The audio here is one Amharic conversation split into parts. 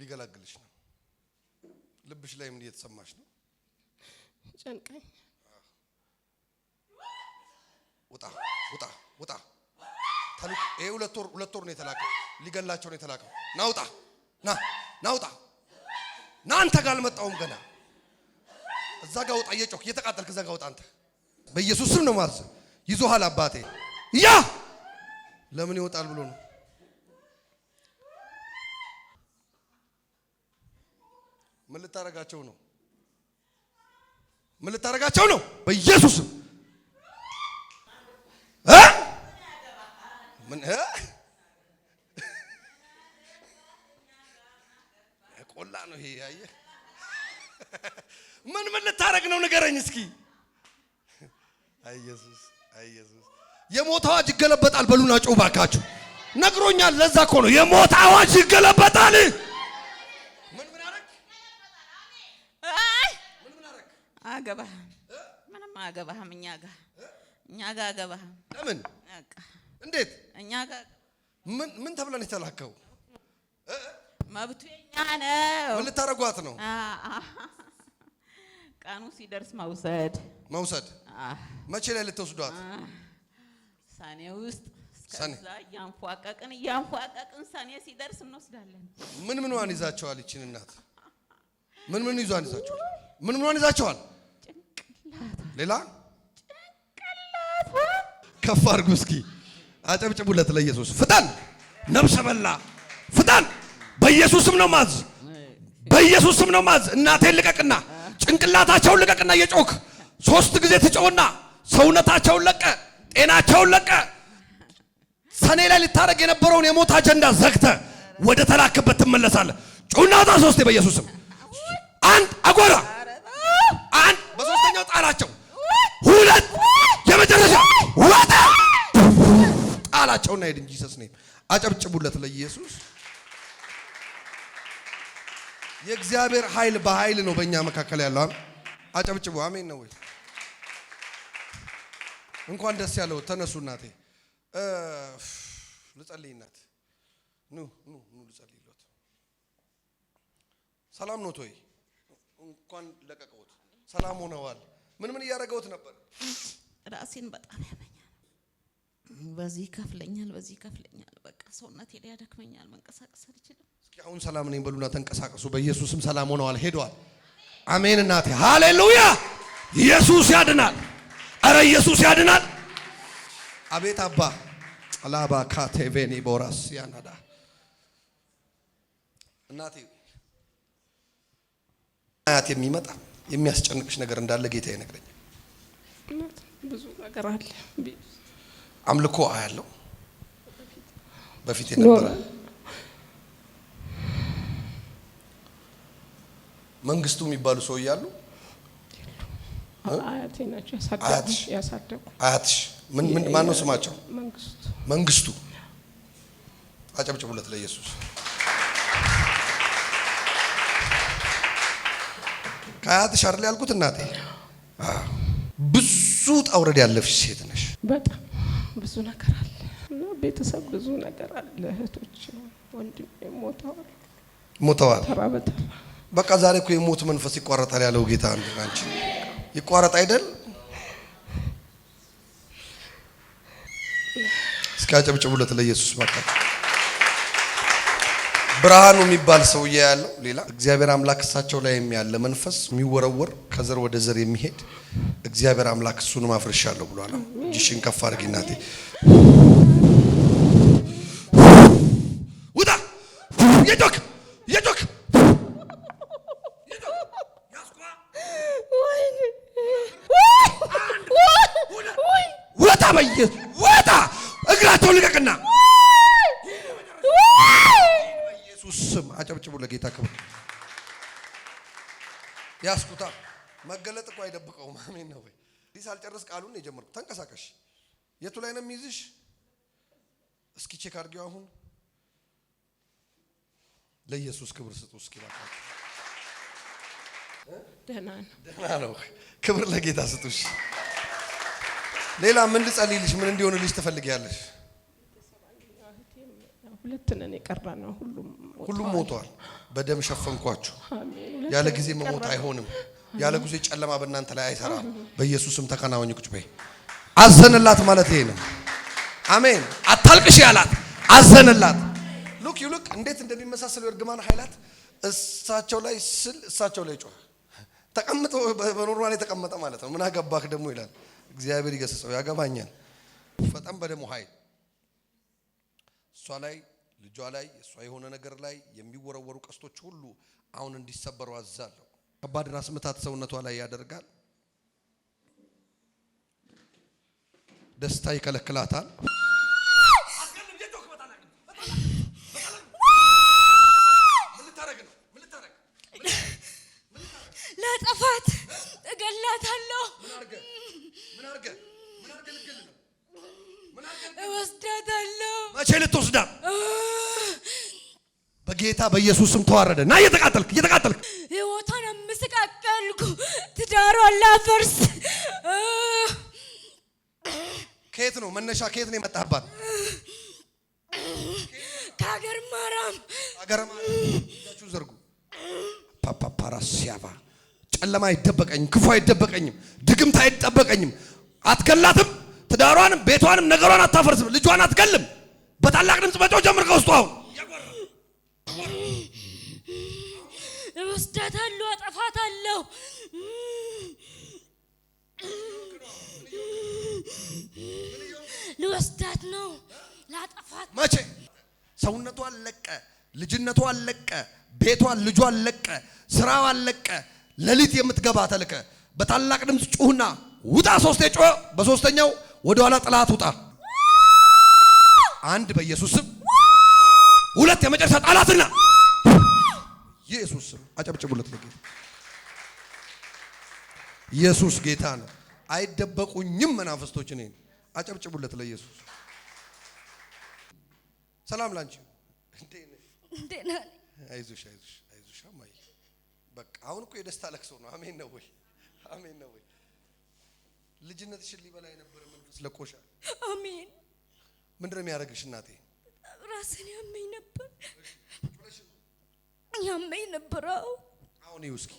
ሊገላግልሽ ነው። ልብሽ ላይ ምን እየተሰማሽ ነው? ጨንቀኝ። ውጣ ውጣ ውጣ! ይሄ ሁለት ወር ሁለት ወር ነው የተላከው፣ ሊገላቸው ነው የተላከው። ና ውጣ፣ ና ና፣ ውጣ ና። አንተ ጋር አልመጣሁም ገና። እዛ ጋር ውጣ፣ እየጮክ እየተቃጠልክ፣ እዛ ጋር ውጣ። አንተ በኢየሱስ ስም ነው ማለት ይዞሃል አባቴ። ያ ለምን ይወጣል ብሎ ነው ምን ልታረጋቸው ነው? ምን ልታረጋቸው ነው? በኢየሱስ ምን ቆላ ነው ይሄ? ያየህ ምን ምን ልታረግ ነው? ንገረኝ እስኪ። ኢየሱስ ኢየሱስ የሞት አዋጅ ይገለበጣል። በሉና ጮህ ባካችሁ። ነግሮኛል። ለዛ እኮ ነው የሞት አዋጅ ይገለበጣል። አያገባህም፣ ምንም አያገባህም። እኛ ጋ እኛ ጋ አያገባህም። ለምን? እንዴት? እኛ ጋ ምን ምን ተብለን የተላከው? መብቱ የኛ ነው። ምን ልታረጓት ነው? ቀኑ ሲደርስ መውሰድ መውሰድ። መቼ ላይ ልትወስዷት? ሰኔ ውስጥ እስከዛ እያንፏቀቅን እያንፏቀቅን ሰኔ ሲደርስ እንወስዳለን። ምን ምንዋን ይዛቸዋል? ይችን እናት ምን ምን ይዟን ይዛቸዋል? ምን ምንዋን ይዛቸዋል? ሌላ ከፍ አድርጉ እስኪ አጨብጭቡለት ለኢየሱስ። ፍጠን ነብሰ በላ ፍጠን። በኢየሱስም ነው ማዝ፣ በኢየሱስም ነው ማዝ። እናቴን ልቀቅና ጭንቅላታቸውን ልቀቅና የጮክ ሶስት ጊዜ ትጮውና ሰውነታቸውን ለቀ፣ ጤናቸውን ለቀ። ሰኔ ላይ ልታደረግ የነበረውን የሞት አጀንዳ ዘግተ ወደ ተላክበት ትመለሳለ ጩናታ ሶስቴ በኢየሱስም አንድ አጎራ ወጣ ጣላቸውና ሄድ እንጂ ሰስኔ አጨብጭቡለት ለኢየሱስ። የእግዚአብሔር ኃይል በኃይል ነው በእኛ መካከል ያለው። አጨብጭቡ። አሜን ነው ወይ? እንኳን ደስ ያለው። ተነሱ እናቴ ልጸልይ እናት ኑ ኑ ኑ ልጸልይሎት። ሰላም ኖት ወይ? እንኳን ለቀቀውት። ሰላም ሆነዋል። ምን ምን እያደረገውት ነበር? ራሴን በጣም ያመኛል። በዚህ ይከፍለኛል፣ በዚህ ይከፍለኛል። በቃ ሰውነቴ ላይ ያደክመኛል። መንቀሳቀስ አልችልም። እስኪ አሁን ሰላም ነኝ በሉና ተንቀሳቀሱ። በኢየሱስም ሰላም ሆነዋል፣ ሄደዋል። አሜን። እናቴ ሃሌሉያ። ኢየሱስ ያድናል። አረ ኢየሱስ ያድናል። አቤት አባ አላባ ካቴቬኒ ቦራስ ያናዳ እናቴ አያት የሚመጣ የሚያስጨንቅሽ ነገር እንዳለ ጌታ ይነግረኛል። ብዙ ነገር አለ። አምልኮ አያለው በፊት የነበረ መንግስቱ የሚባሉ ሰው እያሉ አያቴ አያትሽ ማን ነው ስማቸው? መንግስቱ። አጨብጭቡለት ለኢየሱስ። ከአያትሽ አይደል ያልኩት እናቴ ውጣ ውረድ ያለፍሽ ሴት ነሽ። በጣም ብዙ ነገር አለ እና ቤተሰብ ብዙ ነገር አለ። እህቶች ወንድም ሞተዋል ሞተዋል። ተራ በተራ በቃ ዛሬ እኮ የሞት መንፈስ ይቋረጣል ያለው ጌታ አንድ አንቺ ይቋረጥ አይደል? እስኪ አጨብጭቡለት ለኢየሱስ በቃ ብርሃኑ የሚባል ሰውዬ ያለው ሌላ እግዚአብሔር አምላክ እሳቸው ላይ ያለ መንፈስ የሚወረወር ከዘር ወደ ዘር የሚሄድ እግዚአብሔር አምላክ እሱንም አፍርሻለሁ ብሏል። እጅሽን ከፍ አድርጊ እናቴ ውጣ የጮክ የጮክ ወጣ በየ በኢየሱስ ስም አጨብጭቡ። ለጌታ ክብር ያስኩታ መገለጥ እኮ አይደብቀውም። አሜን ነው ወይ? ሳልጨርስ ቃሉን የጀመርኩ ተንቀሳቀሽ። የቱ ላይ ነው የሚይዝሽ? እስኪ ቼክ አድርጊው አሁን። ለኢየሱስ ክብር ስጡ እስኪ ባካችሁ። ደህና ነው፣ ደህና ነው። ክብር ለጌታ ስጡሽ። ሌላ ምን ልጸልይልሽ? ምን እንዲሆንልሽ ትፈልጊያለሽ? ሁለት ነን የቀረ ነው ሁሉም ሁሉም ሞቷል። በደም ሸፈንኳችሁ። ያለ ጊዜ መሞት አይሆንም። ያለ ጊዜ ጨለማ በእናንተ ላይ አይሰራም። በኢየሱስም ተከናወኝ። ቁጭ በይ። አዘንላት ማለት ይሄ ነው። አሜን። አታልቅሽ ያላት አዘንላት። ሉክ ዩ ሉክ እንዴት እንደሚመሳሰሉ የእርግማን ኃይላት እሳቸው ላይ ስል እሳቸው ላይ ጮኸ። ተቀምጦ በኖርማል የተቀመጠ ማለት ነው። ምን አገባህ ደግሞ ይላል እግዚአብሔር። ይገሰጸው ያገባኛል። ፈጠን በደሞ ኃይል እሷ ላይ ልጇ ላይ እሷ የሆነ ነገር ላይ የሚወረወሩ ቀስቶች ሁሉ አሁን እንዲሰበሩ አዛለሁ። ከባድ ራስ ምታት ሰውነቷ ላይ ያደርጋል። ደስታ ይከለክላታል። በጌታ በኢየሱስም ተዋረደ። ና እየተቃጠልክ እየተቃጠልክ ህይወቷን አመሰቃቀልኩ። ትዳሯን ላፈርስ። ከየት ነው መነሻ? ከየት ነው የመጣህባት? ከሀገር ማራም ሀገር ማራም ዘርጉ ፓፓፓራ ሲያባ ጨለማ አይደበቀኝም፣ ክፉ አይደበቀኝም፣ ድግምት አይጠበቀኝም። አትገላትም፣ ትዳሯንም፣ ቤቷንም፣ ነገሯን አታፈርስም፣ ልጇን አትገልም። በታላቅ ድምፅ መጮህ ጀምር ከውስጡ አሁን ወስዳታለሁ፣ አጠፋታለሁ። ልወስዳት ነው፣ ላጠፋት። መቼ ሰውነቷ አለቀ፣ ልጅነቷ አለቀ፣ ቤቷ ልጇ አለቀ፣ ስራዋ አለቀ። ሌሊት የምትገባ ተልከ በታላቅ ድምፅ ጩሁና ውጣ። ሶስቴ ጮህ። በሶስተኛው ወደ ጥላት ውጣ። አንድ በኢየሱስ ስም፣ ሁለት የመጨረሻ ጣላትና በኢየሱስ ስም አጨብጭቡለት። ለጌታ ኢየሱስ ጌታ ነው። አይደበቁኝም መናፍስቶች እኔን። አጨብጭቡለት ለኢየሱስ። ሰላም ላንቺ። አይዞሽ አይዞሽ አይዞሽ። በቃ አሁን እኮ የደስታ ለቅሶ ነው። አሜን ነው ወይ? አሜን ነው ወይ? ልጅነትሽን ሊበላ የነበረ መንፈስ ለቆሻል። አሜን። ምንድን ነው የሚያደርግሽ እናቴ? ራስን ሲያመኝ ነበረው። አሁን ይኸው እስኪ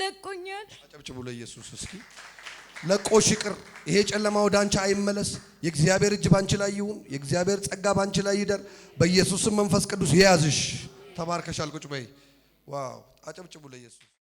ለቆኛል። አጨብጭቡ ለኢየሱስ እስኪ። ለቆሽ ይቅር። ይሄ ጨለማ ወደ አንቺ አይመለስ። የእግዚአብሔር እጅ ባንቺ ላይ ይሁን። የእግዚአብሔር ጸጋ ባንቺ ላይ ይደር። በኢየሱስም መንፈስ ቅዱስ ይያዝሽ። ተባርከሻል። ቁጭ በይ። ዋው! አጨብጭቡ ለኢየሱስ